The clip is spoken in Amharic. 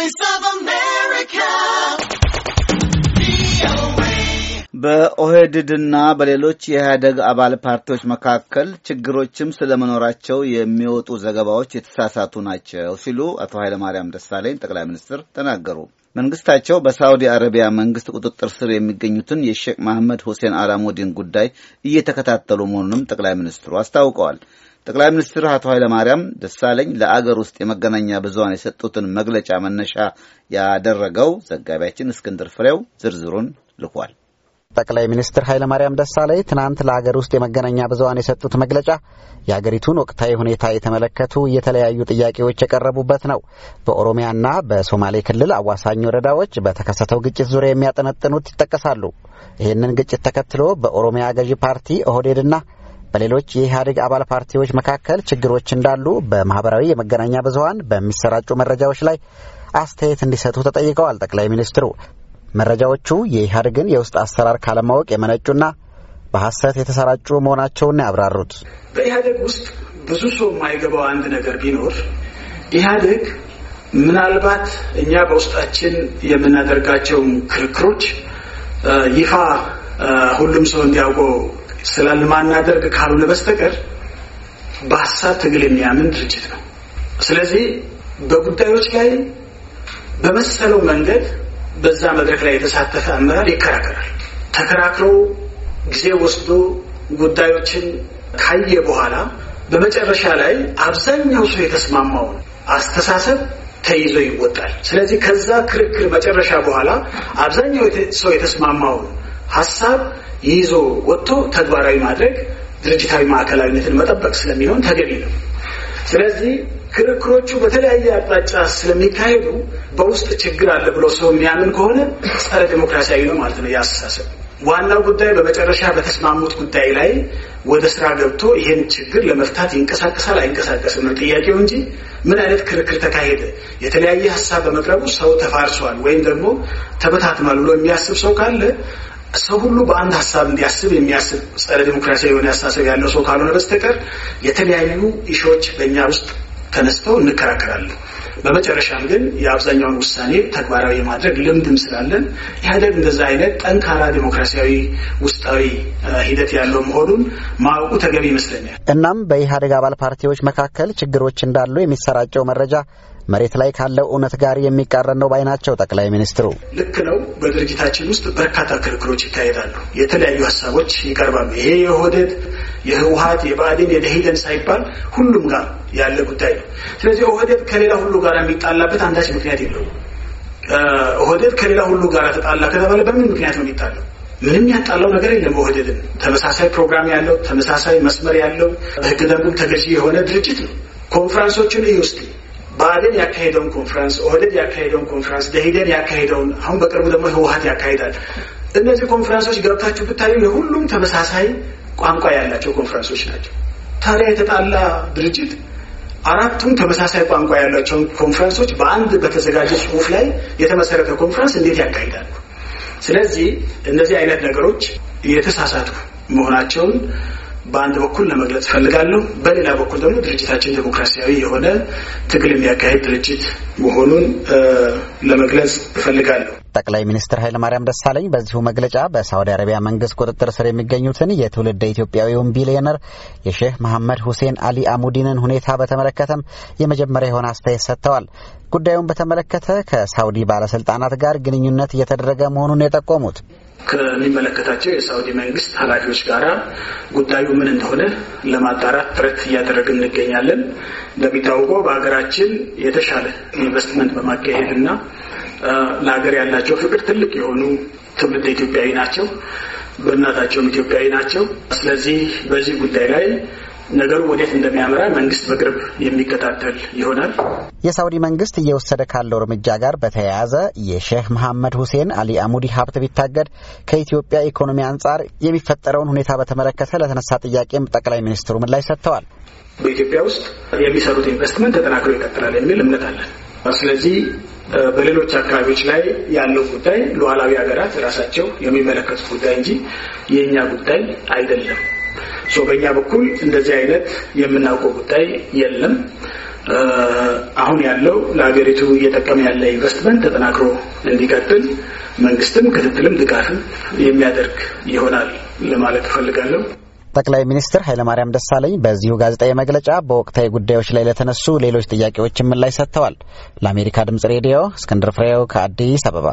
Voice of America. በኦህድድና በሌሎች የኢህአደግ አባል ፓርቲዎች መካከል ችግሮችም ስለመኖራቸው የሚወጡ ዘገባዎች የተሳሳቱ ናቸው ሲሉ አቶ ኃይለማርያም ደሳለኝ ጠቅላይ ሚኒስትር ተናገሩ። መንግስታቸው በሳውዲ አረቢያ መንግስት ቁጥጥር ስር የሚገኙትን የሼክ መሐመድ ሁሴን አላሙዲን ጉዳይ እየተከታተሉ መሆኑንም ጠቅላይ ሚኒስትሩ አስታውቀዋል። ጠቅላይ ሚኒስትር አቶ ኃይለማርያም ደሳለኝ ለአገር ውስጥ የመገናኛ ብዙሀን የሰጡትን መግለጫ መነሻ ያደረገው ዘጋቢያችን እስክንድር ፍሬው ዝርዝሩን ልኳል። ጠቅላይ ሚኒስትር ኃይለማርያም ደሳለኝ ትናንት ለአገር ውስጥ የመገናኛ ብዙሀን የሰጡት መግለጫ የአገሪቱን ወቅታዊ ሁኔታ የተመለከቱ የተለያዩ ጥያቄዎች የቀረቡበት ነው። በኦሮሚያና በሶማሌ ክልል አዋሳኝ ወረዳዎች በተከሰተው ግጭት ዙሪያ የሚያጠነጥኑት ይጠቀሳሉ። ይህንን ግጭት ተከትሎ በኦሮሚያ ገዢ ፓርቲ ኦህዴድና በሌሎች የኢህአዴግ አባል ፓርቲዎች መካከል ችግሮች እንዳሉ በማህበራዊ የመገናኛ ብዙሀን በሚሰራጩ መረጃዎች ላይ አስተያየት እንዲሰጡ ተጠይቀዋል። ጠቅላይ ሚኒስትሩ መረጃዎቹ የኢህአዴግን የውስጥ አሰራር ካለማወቅ የመነጩና በሐሰት የተሰራጩ መሆናቸውን ያብራሩት በኢህአዴግ ውስጥ ብዙ ሰው የማይገባው አንድ ነገር ቢኖር ኢህአዴግ ምናልባት እኛ በውስጣችን የምናደርጋቸውን ክርክሮች ይፋ ሁሉም ሰው እንዲያውቀው ስለማናደርግ ካልሆነ በስተቀር በሀሳብ ትግል የሚያምን ድርጅት ነው። ስለዚህ በጉዳዮች ላይ በመሰለው መንገድ በዛ መድረክ ላይ የተሳተፈ አመራር ይከራከራል። ተከራክሮ ጊዜ ወስዶ ጉዳዮችን ካየ በኋላ በመጨረሻ ላይ አብዛኛው ሰው የተስማማውን አስተሳሰብ ተይዞ ይወጣል። ስለዚህ ከዛ ክርክር መጨረሻ በኋላ አብዛኛው ሰው የተስማማውን ሀሳብ ይዞ ወጥቶ ተግባራዊ ማድረግ ድርጅታዊ ማዕከላዊነትን መጠበቅ ስለሚሆን ተገቢ ነው። ስለዚህ ክርክሮቹ በተለያየ አቅጣጫ ስለሚካሄዱ በውስጥ ችግር አለ ብሎ ሰው የሚያምን ከሆነ ጸረ ዲሞክራሲያዊ ነው ማለት ነው ያስተሳሰብ። ዋናው ጉዳይ በመጨረሻ በተስማሙት ጉዳይ ላይ ወደ ስራ ገብቶ ይሄን ችግር ለመፍታት ይንቀሳቀሳል አይንቀሳቀስም ነው ጥያቄው እንጂ ምን አይነት ክርክር ተካሄደ፣ የተለያየ ሀሳብ በመቅረቡ ሰው ተፋርሷል ወይም ደግሞ ተበታትማል ብሎ የሚያስብ ሰው ካለ ሰው ሁሉ በአንድ ሀሳብ እንዲያስብ የሚያስብ ጸረ ዲሞክራሲያዊ የሆነ አስተሳሰብ ያለው ሰው ካልሆነ በስተቀር የተለያዩ ኢሾዎች በእኛ ውስጥ ተነስተው እንከራከራለን። በመጨረሻም ግን የአብዛኛውን ውሳኔ ተግባራዊ የማድረግ ልምድም ስላለን ኢህአደግ እንደዛ አይነት ጠንካራ ዲሞክራሲያዊ ውስጣዊ ሂደት ያለው መሆኑን ማወቁ ተገቢ ይመስለኛል። እናም በኢህአደግ አባል ፓርቲዎች መካከል ችግሮች እንዳሉ የሚሰራጨው መረጃ መሬት ላይ ካለው እውነት ጋር የሚቃረን ነው ባይ ናቸው ጠቅላይ ሚኒስትሩ። ልክ ነው። በድርጅታችን ውስጥ በርካታ ክርክሮች ይካሄዳሉ። የተለያዩ ሀሳቦች ይቀርባሉ። ይሄ የሆደድ የህወሀት የብአዴን የደሄደን ሳይባል ሁሉም ጋር ያለ ጉዳይ ነው። ስለዚህ ኦህዴድ ከሌላ ሁሉ ጋር የሚጣላበት አንዳች ምክንያት የለውም። ኦህዴድ ከሌላ ሁሉ ጋር ተጣላ ከተባለ በምን ምክንያት ነው የሚጣለው? ምንም ያጣለው ነገር የለም። ኦህዴድን ተመሳሳይ ፕሮግራም ያለው ተመሳሳይ መስመር ያለው በህግ ደንቡም ተገዢ የሆነ ድርጅት ነው። ኮንፈረንሶችን እዩ ብአዴን ያካሄደውን ኮንፈረንስ፣ ኦህዴድ ያካሄደውን ኮንፈረንስ፣ ደኢህዴን ያካሄደውን፣ አሁን በቅርቡ ደግሞ ህወሀት ያካሄዳል። እነዚህ ኮንፈረንሶች ገብታችሁ ብታዩ የሁሉም ተመሳሳይ ቋንቋ ያላቸው ኮንፈረንሶች ናቸው። ታዲያ የተጣላ ድርጅት አራቱም ተመሳሳይ ቋንቋ ያላቸውን ኮንፈረንሶች በአንድ በተዘጋጀ ጽሁፍ ላይ የተመሰረተ ኮንፈረንስ እንዴት ያካሂዳሉ? ስለዚህ እነዚህ አይነት ነገሮች የተሳሳቱ መሆናቸውን በአንድ በኩል ለመግለጽ እፈልጋለሁ። በሌላ በኩል ደግሞ ድርጅታችን ዴሞክራሲያዊ የሆነ ትግል የሚያካሄድ ድርጅት መሆኑን ለመግለጽ እፈልጋለሁ። ጠቅላይ ሚኒስትር ኃይለማርያም ደሳለኝ በዚሁ መግለጫ በሳውዲ አረቢያ መንግስት ቁጥጥር ስር የሚገኙትን የትውልድ ኢትዮጵያዊውን ቢሊዮነር የሼህ መሐመድ ሁሴን አሊ አሙዲንን ሁኔታ በተመለከተም የመጀመሪያ የሆነ አስተያየት ሰጥተዋል። ጉዳዩን በተመለከተ ከሳውዲ ባለስልጣናት ጋር ግንኙነት እየተደረገ መሆኑን የጠቆሙት ከሚመለከታቸው የሳውዲ መንግስት ኃላፊዎች ጋር ጉዳዩ ምን እንደሆነ ለማጣራት ጥረት እያደረግን እንገኛለን። እንደሚታወቀው በሀገራችን የተሻለ ኢንቨስትመንት በማካሄድ እና ለሀገር ያላቸው ፍቅር ትልቅ የሆኑ ትውልድ ኢትዮጵያዊ ናቸው። በእናታቸውም ኢትዮጵያዊ ናቸው። ስለዚህ በዚህ ጉዳይ ላይ ነገሩ ወዴት እንደሚያመራ መንግስት በቅርብ የሚከታተል ይሆናል። የሳውዲ መንግስት እየወሰደ ካለው እርምጃ ጋር በተያያዘ የሼህ መሐመድ ሁሴን አሊ አሙዲ ሀብት ቢታገድ ከኢትዮጵያ ኢኮኖሚ አንጻር የሚፈጠረውን ሁኔታ በተመለከተ ለተነሳ ጥያቄም ጠቅላይ ሚኒስትሩ ምላሽ ሰጥተዋል። በኢትዮጵያ ውስጥ የሚሰሩት ኢንቨስትመንት ተጠናክሮ ይቀጥላል የሚል እምነት አለን። ስለዚህ በሌሎች አካባቢዎች ላይ ያለው ጉዳይ ሉዓላዊ ሀገራት ራሳቸው የሚመለከቱት ጉዳይ እንጂ የእኛ ጉዳይ አይደለም። ሶ በእኛ በኩል እንደዚህ አይነት የምናውቀው ጉዳይ የለም። አሁን ያለው ለሀገሪቱ እየጠቀመ ያለ ኢንቨስትመንት ተጠናክሮ እንዲቀጥል መንግስትም ክትትልም ድጋፍም የሚያደርግ ይሆናል ለማለት እፈልጋለሁ። ጠቅላይ ሚኒስትር ኃይለማርያም ደሳለኝ በዚሁ ጋዜጣዊ መግለጫ በወቅታዊ ጉዳዮች ላይ ለተነሱ ሌሎች ጥያቄዎች ምላሽ ሰጥተዋል። ለአሜሪካ ድምጽ ሬዲዮ እስክንድር ፍሬው ከአዲስ አበባ